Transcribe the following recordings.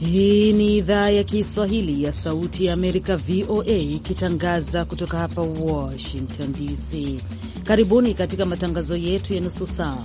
Hii ni idhaa ya Kiswahili ya Sauti ya Amerika, VOA, ikitangaza kutoka hapa Washington DC. Karibuni katika matangazo yetu ya nusu saa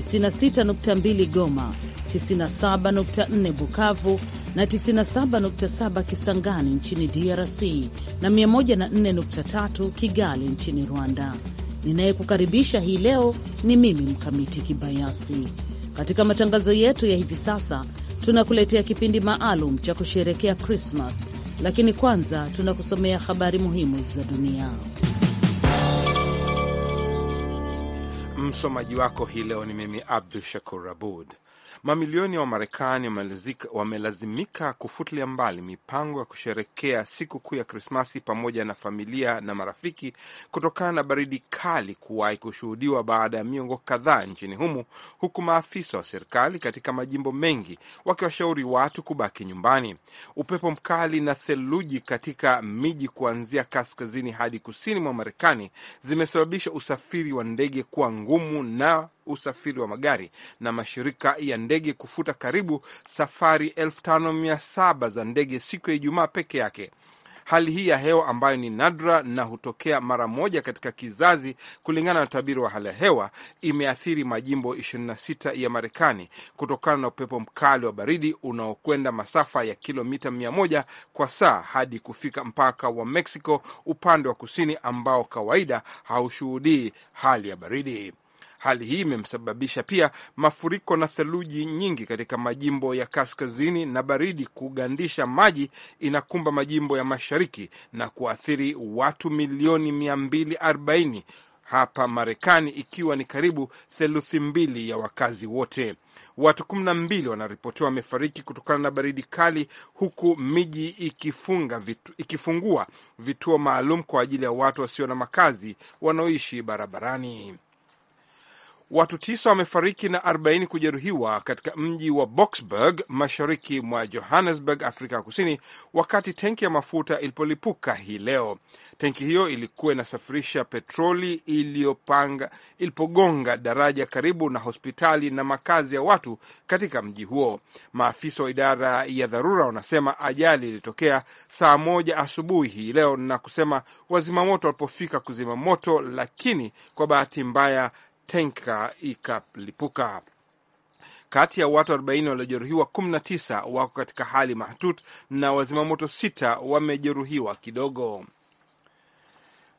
96.2 Goma, 97.4 Bukavu na 97.7 Kisangani nchini DRC na 104.3 Kigali nchini Rwanda. Ninayekukaribisha hii leo ni mimi Mkamiti Kibayasi. Katika matangazo yetu ya hivi sasa tunakuletea kipindi maalum cha kusherekea Krismas, lakini kwanza tunakusomea habari muhimu za dunia. Msomaji wako hii leo ni mimi Abdu Shakur Abud. Mamilioni ya Wamarekani wamelazimika kufutilia mbali mipango ya kusherekea siku kuu ya Krismasi pamoja na familia na marafiki kutokana na baridi kali kuwahi kushuhudiwa baada ya miongo kadhaa nchini humo, huku maafisa wa serikali katika majimbo mengi wakiwashauri watu kubaki nyumbani. Upepo mkali na theluji katika miji kuanzia kaskazini hadi kusini mwa Marekani zimesababisha usafiri wa ndege kuwa ngumu na usafiri wa magari na mashirika ya ndege kufuta karibu safari 57 za ndege siku ya Ijumaa peke yake. Hali hii ya hewa ambayo ni nadra na hutokea mara moja katika kizazi, kulingana na utabiri wa hali ya hewa, imeathiri majimbo 26 ya Marekani kutokana na upepo mkali wa baridi unaokwenda masafa ya kilomita 100 kwa saa hadi kufika mpaka wa Mexico upande wa kusini, ambao kawaida haushuhudii hali ya baridi. Hali hii imemsababisha pia mafuriko na theluji nyingi katika majimbo ya kaskazini na baridi kugandisha maji inakumba majimbo ya mashariki na kuathiri watu milioni 240 hapa Marekani, ikiwa ni karibu theluthi mbili ya wakazi wote. Watu kumi na mbili wanaripotiwa wamefariki kutokana na baridi kali, huku miji ikifunga vitu, ikifungua vituo maalum kwa ajili ya watu wasio na makazi wanaoishi barabarani. Watu tisa wamefariki na 40 kujeruhiwa katika mji wa Boksburg mashariki mwa Johannesburg, Afrika Kusini, wakati tenki ya mafuta ilipolipuka hii leo. Tenki hiyo ilikuwa inasafirisha petroli iliyopanga ilipogonga daraja karibu na hospitali na makazi ya watu katika mji huo. Maafisa wa idara ya dharura wanasema ajali ilitokea saa moja asubuhi hii leo na kusema wazimamoto walipofika kuzima moto, lakini kwa bahati mbaya tenka ikalipuka. Kati ya watu 40 waliojeruhiwa, 19 wako katika hali mahututi na wazimamoto sita wamejeruhiwa kidogo.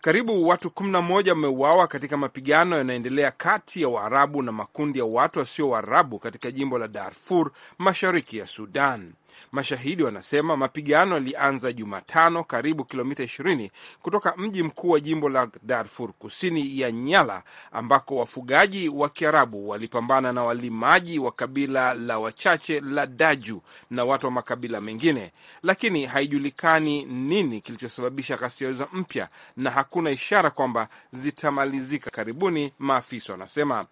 Karibu watu 11 wameuawa katika mapigano yanaendelea kati ya Waarabu na makundi ya watu wasio Waarabu katika jimbo la Darfur mashariki ya Sudan. Mashahidi wanasema mapigano yalianza Jumatano, karibu kilomita 20 kutoka mji mkuu wa jimbo la Darfur kusini ya Nyala, ambako wafugaji wa Kiarabu walipambana na walimaji wa kabila la wachache la Daju na watu wa makabila mengine, lakini haijulikani nini kilichosababisha ghasia hizo mpya na hakuna ishara kwamba zitamalizika karibuni, maafisa wanasema.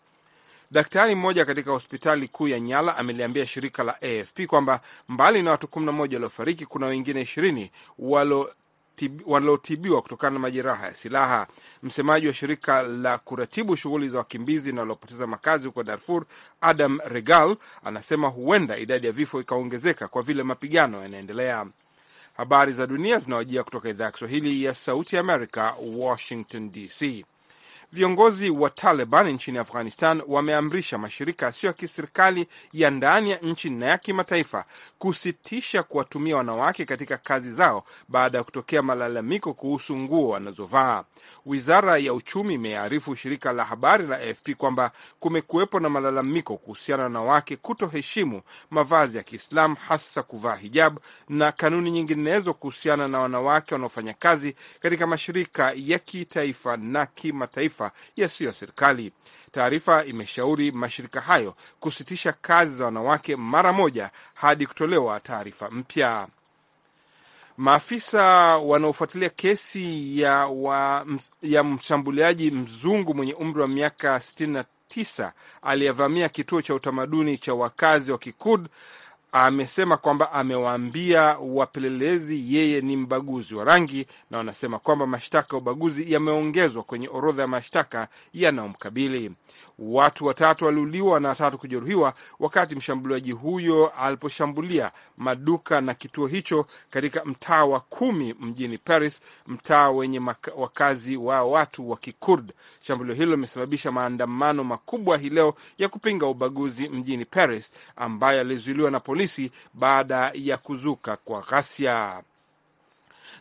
Daktari mmoja katika hospitali kuu ya Nyala ameliambia shirika la AFP kwamba mbali na watu 11 waliofariki kuna wengine 20 walo wanaotibiwa kutokana na majeraha ya silaha. Msemaji wa shirika la kuratibu shughuli za wakimbizi na waliopoteza makazi huko Darfur, Adam Regal, anasema huenda idadi ya vifo ikaongezeka kwa vile mapigano yanaendelea. Habari za dunia zinawajia kutoka idhaa ya Kiswahili ya Sauti ya Amerika, Washington DC. Viongozi wa Taliban nchini Afghanistan wameamrisha mashirika yasiyo ya kiserikali ya ndani ya nchi na ya kimataifa kusitisha kuwatumia wanawake katika kazi zao baada ya kutokea malalamiko kuhusu nguo wanazovaa. Wizara ya uchumi imearifu shirika la habari la AFP kwamba kumekuwepo na malalamiko kuhusiana na wanawake kutoheshimu mavazi ya Kiislamu, hasa kuvaa hijab na kanuni nyinginezo kuhusiana na wanawake wanaofanya kazi katika mashirika ya kitaifa na kimataifa mataifa yasiyo ya serikali. Taarifa imeshauri mashirika hayo kusitisha kazi za wanawake mara moja hadi kutolewa taarifa mpya. Maafisa wanaofuatilia kesi ya, wa, ya mshambuliaji mzungu mwenye umri wa miaka 69 aliyevamia kituo cha utamaduni cha wakazi wa Kikurd amesema kwamba amewaambia wapelelezi yeye ni mbaguzi wa rangi, na wanasema kwamba mashtaka ya ubaguzi yameongezwa kwenye orodha ya mashtaka yanayomkabili. Watu watatu waliuliwa na watatu kujeruhiwa wakati mshambuliaji huyo aliposhambulia maduka na kituo hicho katika mtaa wa kumi mjini Paris, mtaa wenye wakazi wa watu wa Kikurd. Shambulio hilo limesababisha maandamano makubwa hii leo ya kupinga ubaguzi mjini Paris ambayo yalizuiliwa na polisi polisi baada ya kuzuka kwa ghasia.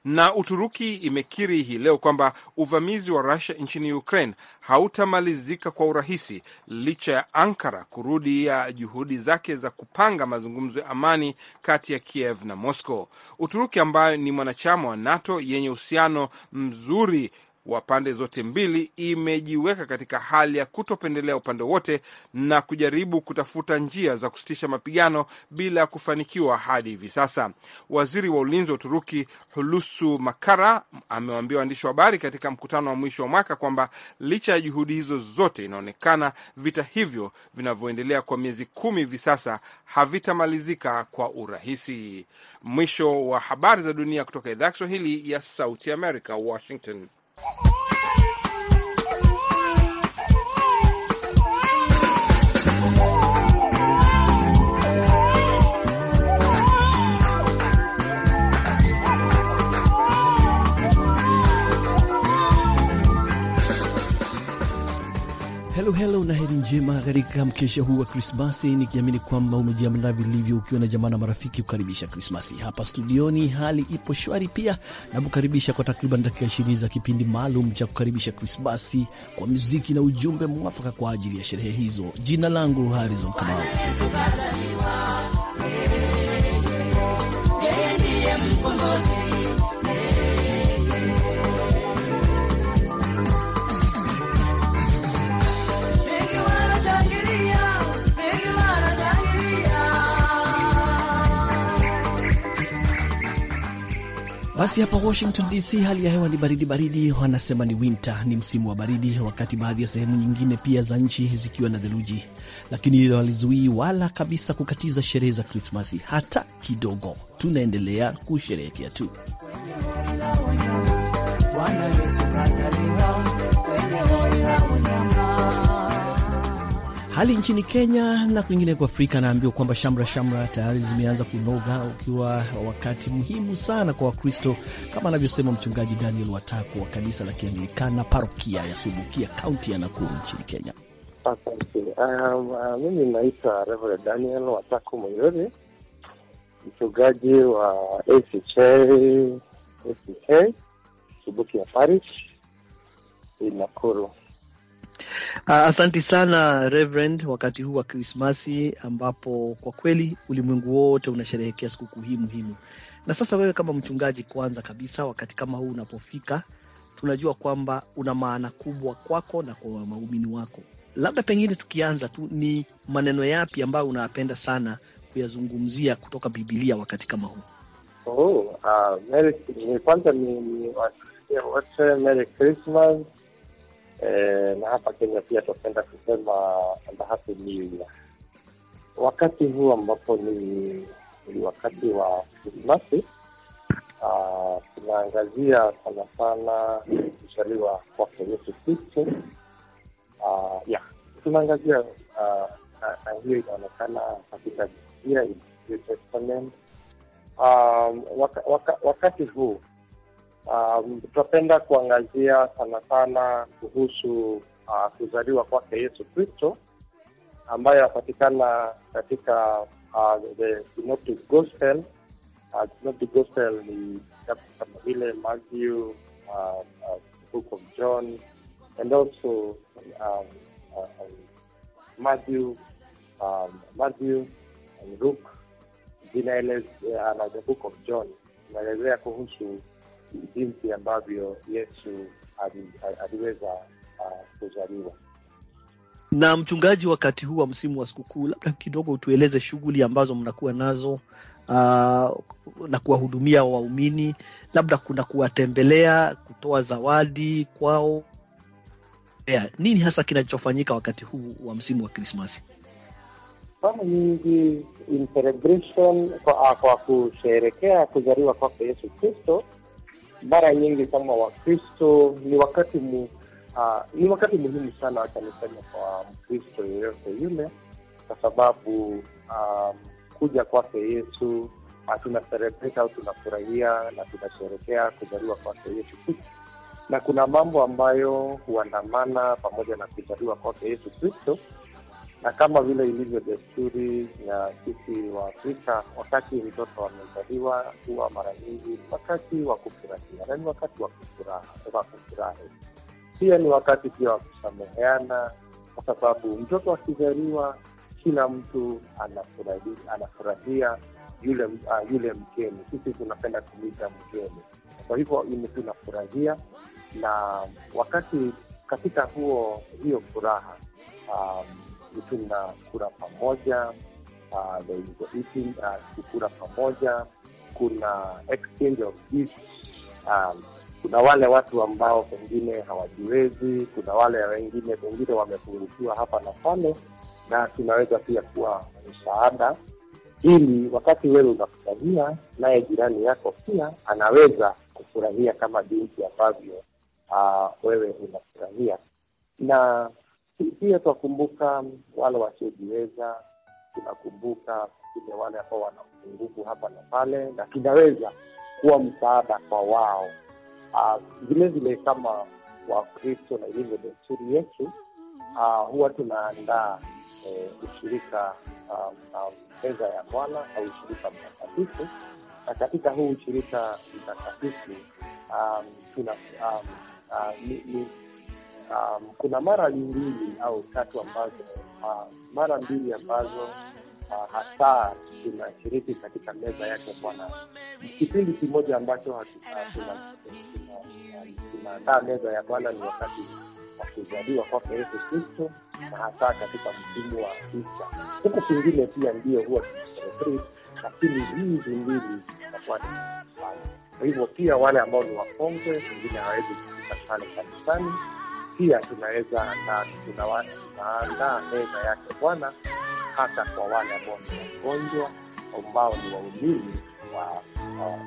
Na Uturuki imekiri hii leo kwamba uvamizi wa Rusia nchini Ukraine hautamalizika kwa urahisi licha ya Ankara kurudia juhudi zake za kupanga mazungumzo ya amani kati ya Kiev na Moscow. Uturuki ambayo ni mwanachama wa NATO yenye uhusiano mzuri wa pande zote mbili imejiweka katika hali ya kutopendelea upande wote na kujaribu kutafuta njia za kusitisha mapigano bila ya kufanikiwa hadi hivi sasa. Waziri wa ulinzi wa Uturuki Hulusu Makara amewaambia waandishi wa habari katika mkutano wa mwisho wa mwaka kwamba licha ya juhudi hizo zote, inaonekana vita hivyo vinavyoendelea kwa miezi kumi hivi sasa havitamalizika kwa urahisi. Mwisho wa habari za dunia kutoka idhaa ya Kiswahili ya Sauti Amerika, Washington. Oh. Helo helo na heri njema katika mkesha huu wa Krismasi, nikiamini kwamba umejiandaa vilivyo ukiwa na jamaa na marafiki kukaribisha Krismasi. Hapa studioni hali ipo shwari, pia nakukaribisha kwa takriban dakika ishirini za kipindi maalum cha kukaribisha Krismasi kwa muziki na ujumbe mwafaka kwa ajili ya sherehe hizo. Jina langu Harrison Kamau. hapa Washington DC hali ya hewa ni baridi baridi, wanasema ni winter, ni msimu wa baridi, wakati baadhi ya sehemu nyingine pia za nchi zikiwa na theluji, lakini hilo halizuii wala kabisa kukatiza sherehe za Krismasi hata kidogo. Tunaendelea kusherehekea tu Wana Yesu. Hali nchini Kenya na kwa Afrika, anaambiwa kwamba shamra shamra tayari zimeanza kunoga, ukiwa wakati muhimu sana kwa Wakristo kama anavyosema Mchungaji Daniel Wataku wa kanisa la Kianglikana parokia ya Subukia, kaunti ya Nakuru nchini Kenya. Asante. Um, uh, mimi naitwa Reverend Daniel Wataku Mwirozi, mchungaji wa ACK Subukia Parish Nakuru. Ah, asanti sana Reverend, wakati huu wa Krismasi ambapo kwa kweli ulimwengu wote unasherehekea sikukuu hii muhimu. Na sasa wewe kama mchungaji, kwanza kabisa, wakati kama huu unapofika, tunajua kwamba una maana kubwa kwako na kwa waumini wako. Labda pengine tukianza tu, ni maneno yapi ambayo unapenda sana kuyazungumzia kutoka Bibilia wakati kama huu? Oh, uh, Merry, kwanza ni, ni, ni, Merry Christmas Eh, na hapa Kenya pia tunapenda kusema mbahati ni wakati huu ambapo ni, ni wakati wa Krismasi. Ah, tunaangazia sana sana kuzaliwa kwake Yesu Kristo. Ah, tunaangazia ah, na hiyo inaonekana katika Biblia, New Testament. Wakati huu Um, tutapenda kuangazia sana sana kuhusu uh, kuzaliwa kwake Yesu Kristo ambayo inapatikana katika uh, the Synoptic Gospel. Uh, Synoptic Gospel ni kama vile Matthew, uh, uh, Book of John and also um, uh, Matthew, um, Matthew and Luke zinaelezea uh, na the Book of John inaelezea kuhusu jinsi ambavyo Yesu aliweza ah, kuzaliwa. Na mchungaji, wakati huu wa msimu wa sikukuu, labda kidogo utueleze shughuli ambazo mnakuwa nazo uh, na kuwahudumia waumini, labda kuna kuwatembelea, kutoa zawadi kwao. Yeah, nini hasa kinachofanyika wakati huu wa msimu wa Krismasi? Somo nyingi in celebration kwa, kwa kusherekea kuzaliwa kwake Yesu Kristo mara nyingi kama Wakristo ni wakati mu, uh, ni wakati muhimu sana akanisema kwa Mkristo yeyote yule, kwa sababu um, kuja kwake Yesu uh, ah, tunaserebeta au tunafurahia na tunasherekea kuzaliwa kwake Yesu Kristo, na kuna mambo ambayo huandamana pamoja na kuzaliwa kwake Yesu Kristo na kama vile ilivyo desturi ya sisi wa Afrika, wakati mtoto wamezaliwa huwa mara nyingi wakati wa kufurahia, na ni wakati wa kufurahi pia, ni wakati pia wa kusameheana, kwa sababu mtoto akizaliwa kila mtu anafurahia, anafurahia yule, uh, yule mkeni. Sisi tunapenda kumwita mkeni, kwa hivyo tunafurahia na wakati katika huo hiyo furaha um, tuna na kura pamoja, uh, uh, pamoja, kuna exchange of gifts um, kuna wale watu ambao pengine hawajiwezi, kuna wale wengine pengine wamepungukiwa hapa na pale, na tunaweza pia kuwa msaada, ili wakati wewe unafurahia, naye jirani yako pia anaweza kufurahia kama jinsi ambavyo uh, wewe unafurahia na pia tunakumbuka wale wasiojiweza, tunakumbuka vile wale ambao wana upungufu hapa na pale, na tunaweza kuwa msaada kwa wao vilevile. Ah, uh, kama Wakristo na ilivyo desturi yetu, uh, huwa tunaandaa eh, ushirika meza um, um, ya Bwana au ushirika mtakatifu, na katika huu ushirika mtakatifu um, tuna um, uh, ni, ni, um, kuna mara mbili au tatu ambazo uh, mara mbili ambazo uh, hasa tunashiriki katika meza yake Bwana, kipindi kimoja ambacho tunaandaa uh, meza ya Bwana ni wakati wa kuzaliwa kwake Yesu Kristo, na hasa katika msimu wa Ista. Huku kingine pia ndio huwa lakini hizi mbili kwa hivyo, pia wale ambao ni wakongwe wengine hawawezi kufika pale kanisani pia tunaweza na tunaandaa meza yake Bwana hata kwa wale ambao ni wagonjwa ambao ni waumini wa wa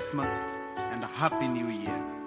Christmas and a Happy New Year.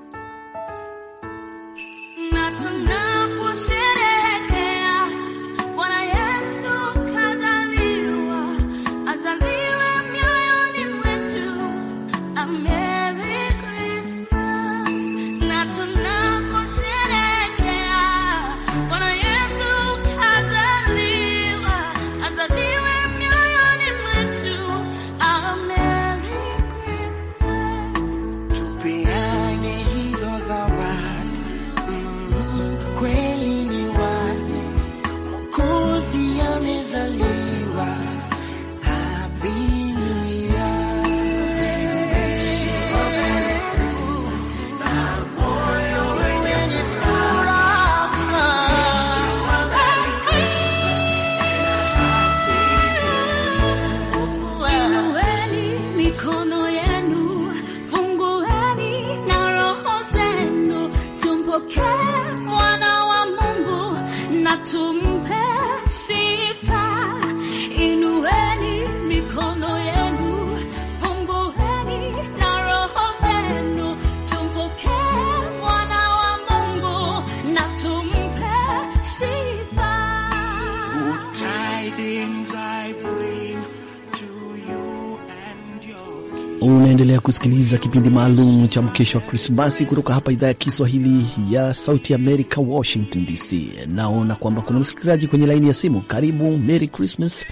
Unaendelea kusikiliza kipindi maalum cha mkesho wa Krismasi kutoka hapa idhaa ya Kiswahili ya Sauti Amerika, Washington DC. Naona kwamba kuna msikilizaji kwenye laini ya simu. Karibu Merry Christmas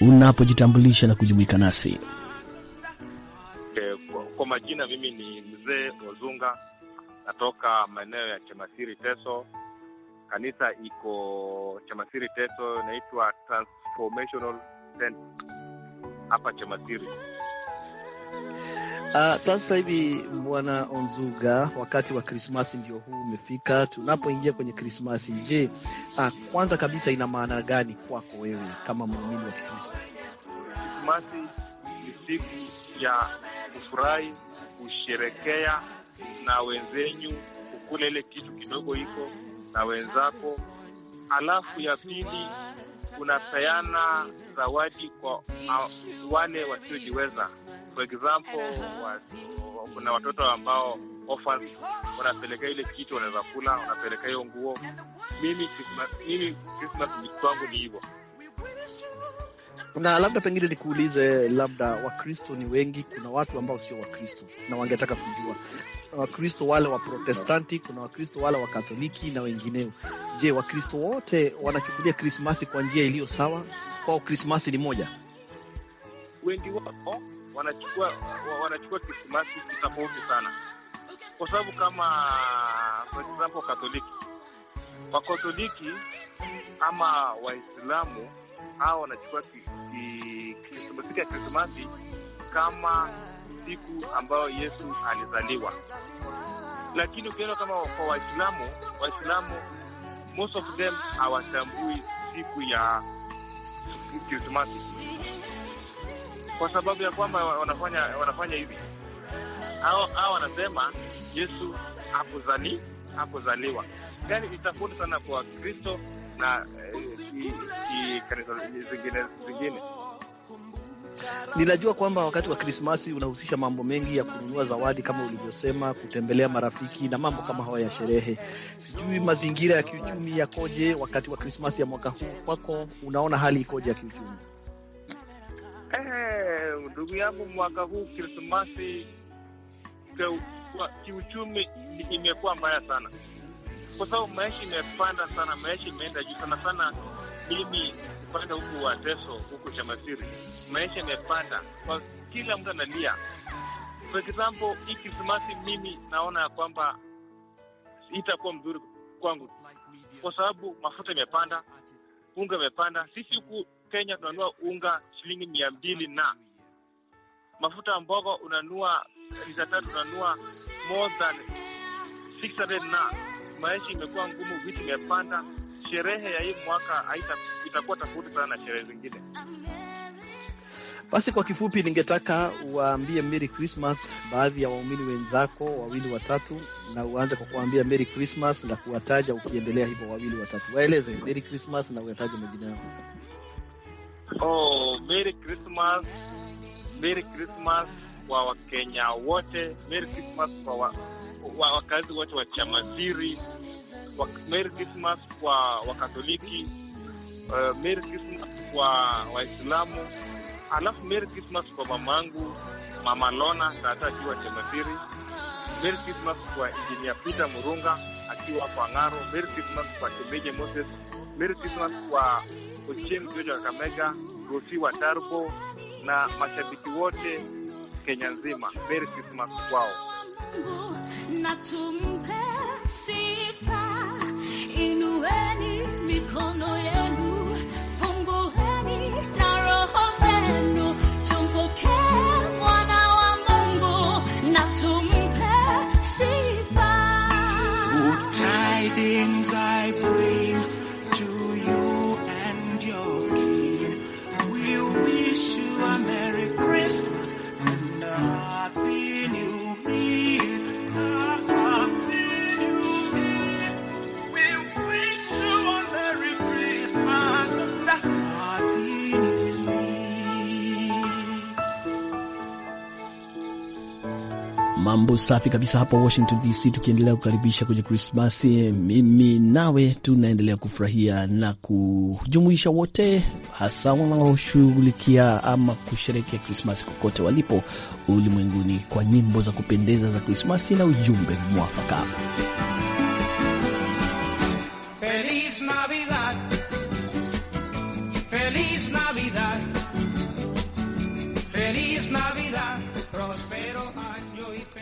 unapojitambulisha na kujumuika nasi. Eh, kwa majina, mimi ni mzee Wazunga, natoka maeneo ya Chamasiri Teso. Kanisa iko Chamasiri Teso, inaitwa Transformational Center hapa Chamasiri. Uh, sasa hivi Bwana Onzuga, wakati wa Krismasi ndio huu umefika. Tunapoingia kwenye Krismasi, je, uh, kwanza kabisa ina maana gani kwako wewe kama muumini wa Kikristo? Krismasi ni siku ya kufurahi, kusherekea na wenzenyu, kukula ile kitu kidogo iko na wenzako. Alafu ya pili unapeana zawadi kwa wale wasiojiweza. For example, kuna watoto ambao orphans, unapelekea ile kitu wanaweza kula, wanapelekea hiyo nguo. Mimi Krismas wangu ni hivyo na labda pengine nikuulize, labda Wakristo ni wengi, kuna watu ambao sio Wakristo na wangetaka kujua Wakristo wale wa Protestanti, kuna Wakristo wale wa Katoliki na wengineo. Je, Wakristo wote wanachukulia Krismasi kwa njia iliyo sawa? Kwao Krismasi ni moja. Wengi wao wanachukua wanachukua Krismasi kitofauti sana, kwa sababu kama for example Katoliki, Wakatoliki ama Waislamu hawa wanachukua siku ya Krismasi kama siku ambayo Yesu alizaliwa, lakini ukienda kama kwa Waislamu, Waislamu most of them hawatambui siku ya Krismasi kwa sababu ya kwamba wanafanya wanafanya hivi hao wanasema Yesu hakuzali hakuzaliwa, yani ni tofauti sana kwa Kristo na eh, kanisa zingine zingine. Ninajua kwamba wakati wa Krismasi unahusisha mambo mengi ya kununua zawadi kama ulivyosema, kutembelea marafiki na mambo kama hayo ya sherehe. Sijui mazingira ya kiuchumi yakoje wakati wa Krismasi ya mwaka huu kwako, unaona hali ikoje ya kiuchumi? Eh, ndugu yangu, mwaka huu Krismasi kiuchumi imekuwa mbaya sana kwa sababu maisha imepanda sana, maisha imeenda juu sana sana. Mimi upande huku wa Teso huku Chamasiri, maisha imepanda kwa kila mtu analia. For example, hii Krismasi mimi naona ya kwamba itakuwa mzuri kwangu kwa sababu mafuta imepanda, unga imepanda. Sisi huku Kenya tunanua unga shilingi mia mbili na mafuta ya mboga unanua lita tatu unanua more than 600 na maisha imekuwa ngumu, vitu imepanda. Sherehe ya hii mwaka itakuwa tofauti sana na sherehe zingine. Basi kwa kifupi, ningetaka waambie Merry Christmas baadhi ya waumini wenzako wawili watatu, na uanze kwa kuambia Merry Christmas na kuwataja ukiendelea hivyo, wawili watatu, waeleze Merry Christmas na uyataje majina yako. Oh, Merry Christmas, Merry Christmas kwa Wakenya wote, Merry Christmas kwa wa wakazi wote wa Chamasiri wa, Merry Christmas kwa Wakatoliki, uh, Merry Christmas kwa Waislamu, alafu Merry Christmas kwa mamangu Mama Lona tata akiwa Chamasiri, Merry Christmas kwa Injinia Peter Murunga akiwa kwa Ng'aro, Merry Christmas kwa Kemeje Moses, Merry Christmas kwa Ochieng George wa Kamega, Rosi wa Tarbo na mashabiki wote Kenya nzima, Merry Christmas kwao. yangu na tumpe sifa, inueni mikono yenu, fungueni na roho zenu Mambo safi kabisa hapa Washington DC, tukiendelea kukaribisha kwenye Krismasi. Mimi nawe tunaendelea kufurahia na kujumuisha wote, hasa wanaoshughulikia ama kusherekea Krismasi kokote walipo ulimwenguni, kwa nyimbo za kupendeza za Krismasi na ujumbe mwafaka.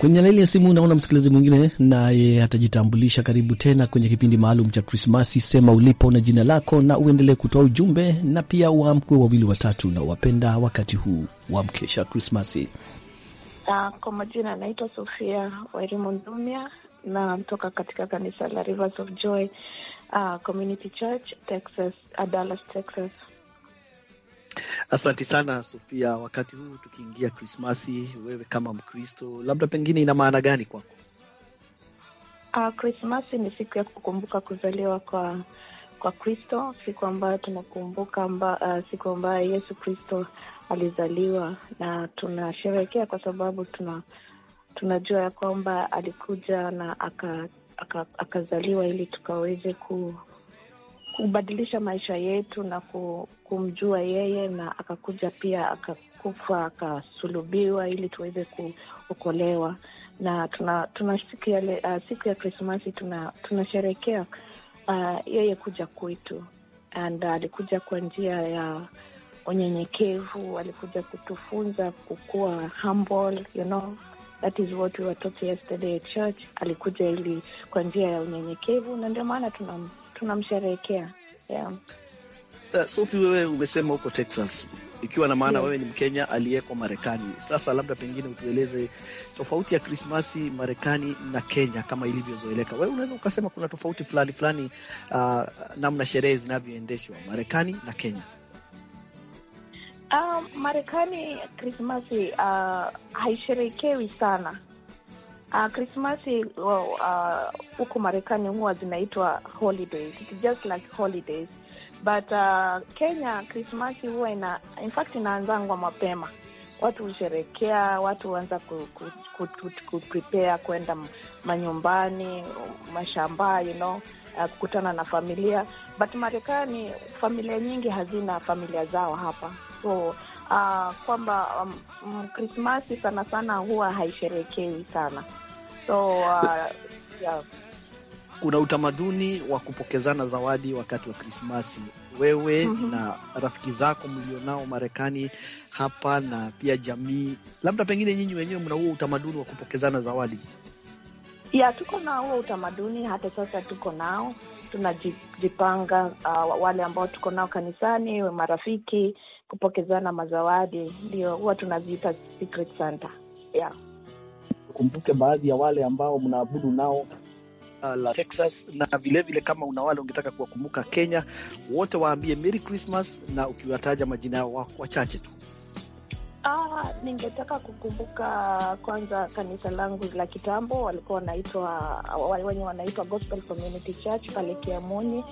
Kwenye laini ya simu naona msikilizaji mwingine naye atajitambulisha. Karibu tena kwenye kipindi maalum cha Krismasi. Sema ulipo na jina lako, na uendelee kutoa ujumbe, na pia waamkwe wawili watatu na wapenda wakati huu wa mkesha Krismasi. Ah, kwa majina anaitwa Sofia Wairimu Ndumia na mtoka katika kanisa la Rivers of Joy uh, Community Church, Texas, Dallas, Texas. Asante sana Sofia. Wakati huu tukiingia Krismasi, wewe kama Mkristo, labda pengine ina maana gani kwako? Ah, Krismasi ni siku ya kukumbuka kuzaliwa kwa kwa Kristo, siku ambayo tunakumbuka mba, uh, ah, siku ambayo Yesu Kristo alizaliwa na tunasherehekea kwa sababu tuna tunajua ya kwamba alikuja na akazaliwa aka, aka ili tukaweze ku kubadilisha maisha yetu na kumjua yeye, na akakuja pia akakufa akasulubiwa ili tuweze kuokolewa. Na tuna, tuna siku ya uh, siku ya Krismasi tunasherekea tuna uh, yeye kuja kwetu and alikuja uh, kwa njia ya unyenyekevu, alikuja kutufunza kukuwa humble, you know that is what we were taught yesterday at church. Alikuja ili kwa njia ya unyenyekevu, na ndio maana tunam tunamsherehekea yeah. Eh, Sophie, wewe umesema huko Texas, ikiwa na maana yeah, wewe ni Mkenya aliyeko Marekani. Sasa labda pengine utueleze tofauti ya Krismasi Marekani na Kenya kama ilivyozoeleka. Wewe unaweza ukasema kuna tofauti fulani fulani, uh, namna sherehe zinavyoendeshwa Marekani na Kenya. Uh, Marekani Krismasi uh, ah, haisherehekewi sana Uh, ah, Krismasi eh, oh, ah, huko uh, Marekani huwa zinaitwa holidays. It's just like holidays but uh, Kenya Krismasi huwa ina in fact inaanzangwa mapema, watu husherekea, watu huanza ku, ku, ku, ku, ku prepare kwenda manyumbani, mashamba, you know, kukutana na familia. But Marekani familia nyingi hazina familia zao hapa so uh, kwamba um, Krismasi mm, sana sana huwa haisherekei sana so uh, yeah. Kuna utamaduni wa kupokezana zawadi wakati wa Krismasi wewe mm -hmm. na rafiki zako mlionao Marekani hapa na pia jamii, labda pengine nyinyi wenyewe mna huo utamaduni wa kupokezana zawadi? Ya, tuko na huo utamaduni hata sasa, tuko nao tunajipanga. Uh, wale ambao tuko nao kanisani, marafiki kupokezana mazawadi, ndio huwa tunaziita secret santa yeah. Kumbuke baadhi ya wale ambao mnaabudu nao uh, la Texas na vilevile vile kama una wale ungetaka kuwakumbuka Kenya, wote waambie Merry Christmas na ukiwataja majina yao wachache tu. Ah, ningetaka kukumbuka kwanza kanisa langu la kitambo, walikuwa wanaitwa wenye wanaitwa Gospel Community Church pale Kiamoni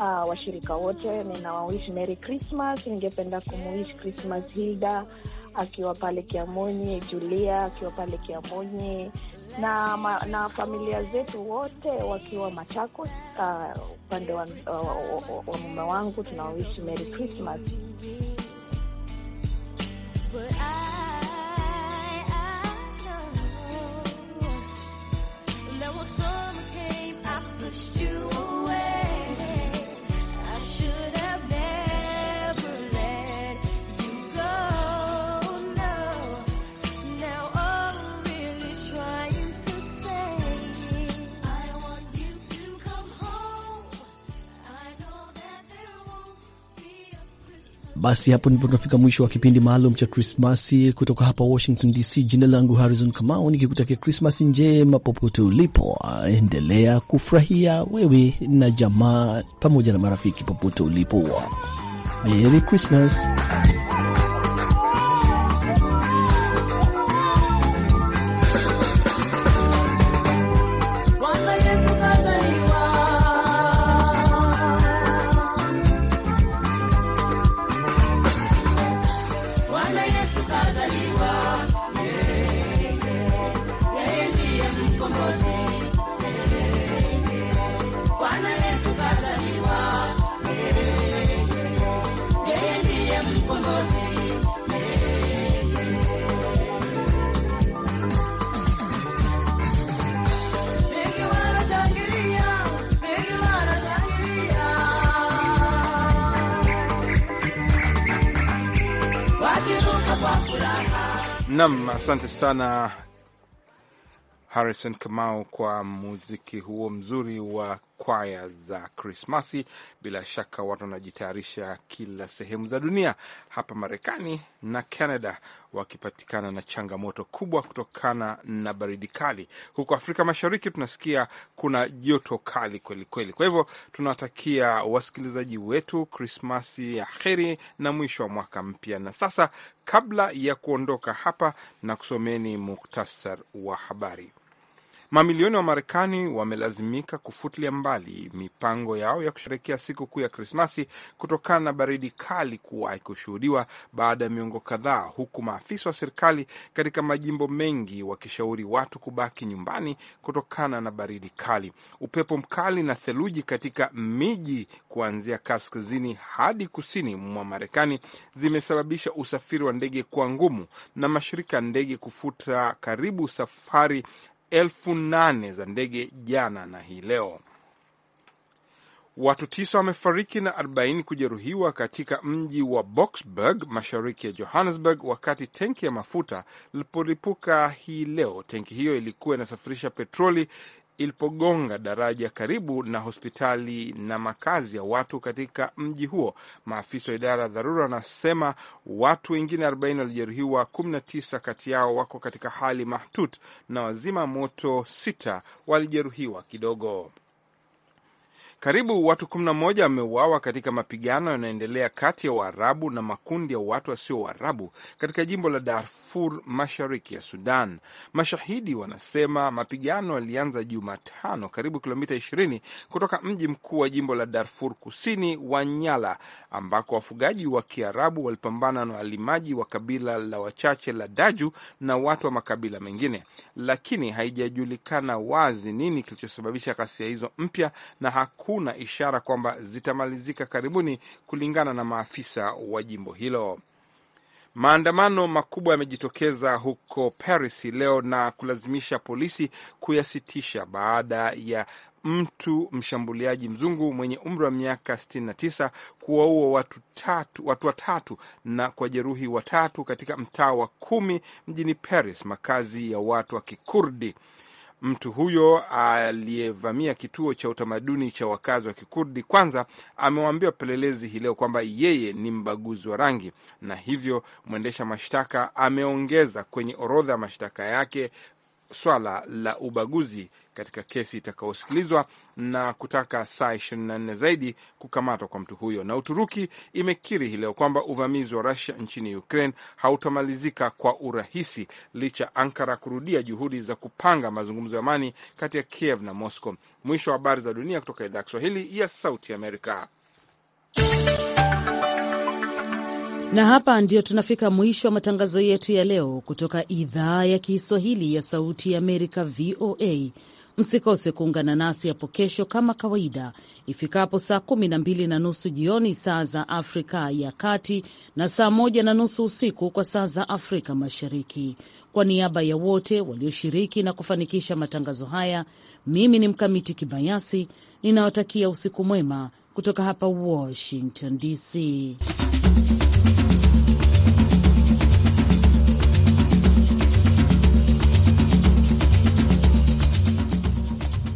uh, washirika wote ninawawishi Merry Christmas. Ningependa kumuishi Christmas Hilda akiwa pale kiamonyi Julia akiwa pale kiamonyi na, ma, na familia zetu wote wakiwa Machakos ah, upande uh, wa, wa, wa, wa mume wangu tunawawishi Merry Christmas. Basi hapo ndipo tunafika mwisho wa kipindi maalum cha Krismasi kutoka hapa Washington DC. Jina langu Harrison Kamau, nikikutakia Krismasi njema popote ulipo. Endelea kufurahia wewe na jamaa pamoja na marafiki popote ulipo. Merry Christmas. Nam, asante sana Harrison Kamau kwa muziki huo mzuri wa kwaya za Krismasi. Bila shaka watu wanajitayarisha kila sehemu za dunia, hapa Marekani na Canada wakipatikana na changamoto kubwa kutokana na baridi kali. Huko Afrika Mashariki tunasikia kuna joto kali kwelikweli kweli. Kwa hivyo tunawatakia wasikilizaji wetu Krismasi ya heri na mwisho wa mwaka mpya. Na sasa kabla ya kuondoka hapa, na kusomeni muktasar wa habari. Mamilioni wa Marekani wamelazimika kufutilia mbali mipango yao ya kusherekea siku kuu ya Krismasi kutokana na baridi kali kuwahi kushuhudiwa baada ya miongo kadhaa, huku maafisa wa serikali katika majimbo mengi wakishauri watu kubaki nyumbani kutokana na baridi kali, upepo mkali na theluji katika miji kuanzia kaskazini hadi kusini mwa Marekani zimesababisha usafiri wa ndege kuwa ngumu na mashirika ya ndege kufuta karibu safari elfu nane za ndege jana na hii leo. Watu tisa wamefariki na 40 kujeruhiwa katika mji wa Boksburg mashariki ya Johannesburg wakati tenki ya mafuta lilipolipuka hii leo. Tenki hiyo ilikuwa inasafirisha petroli ilipogonga daraja karibu na hospitali na makazi ya watu katika mji huo. Maafisa wa idara ya dharura wanasema watu wengine 40 walijeruhiwa, 19 kati yao wako katika hali mahtut na wazima moto sita walijeruhiwa kidogo. Karibu watu 11 wameuawa katika mapigano yanayoendelea kati ya Waarabu na makundi ya watu wasio Waarabu katika jimbo la Darfur mashariki ya Sudan. Mashahidi wanasema mapigano yalianza Jumatano, karibu kilomita 20 kutoka mji mkuu wa jimbo la Darfur kusini wa Nyala, ambako wafugaji wa Kiarabu walipambana na walimaji wa kabila la wachache la Daju na watu wa makabila mengine, lakini haijajulikana wazi nini kilichosababisha ghasia hizo mpya na haku hakuna ishara kwamba zitamalizika karibuni, kulingana na maafisa wa jimbo hilo. Maandamano makubwa yamejitokeza huko Paris leo na kulazimisha polisi kuyasitisha baada ya mtu mshambuliaji mzungu mwenye umri wa miaka 69 kuwaua watu tatu, watu watatu na jeruhi watatu katika mtaa wa kumi mjini Paris, makazi ya watu wa Kikurdi. Mtu huyo aliyevamia kituo cha utamaduni cha wakazi wa Kikurdi kwanza amewaambia wapelelezi hii leo kwamba yeye ni mbaguzi wa rangi, na hivyo mwendesha mashtaka ameongeza kwenye orodha ya mashtaka yake swala la ubaguzi katika kesi itakayosikilizwa na kutaka saa nne zaidi kukamatwa kwa mtu huyo. Na Uturuki imekiri hii leo kwamba uvamizi wa Rusia nchini Ukraine hautamalizika kwa urahisi licha Ankara kurudia juhudi za kupanga mazungumzo ya amani kati ya Kiev na Moscow. Mwisho wa habari za dunia kutoka idhaa ya Kiswahili ya Sauti Amerika. Na hapa ndio tunafika mwisho wa matangazo yetu ya leo kutoka idhaa ya Kiswahili ya Sauti ya Amerika, VOA. Msikose kuungana nasi hapo kesho kama kawaida ifikapo saa kumi na mbili na nusu jioni saa za Afrika ya Kati na saa moja na nusu usiku kwa saa za Afrika Mashariki. Kwa niaba ya wote walioshiriki na kufanikisha matangazo haya, mimi ni Mkamiti Kibayasi ninawatakia usiku mwema kutoka hapa Washington DC.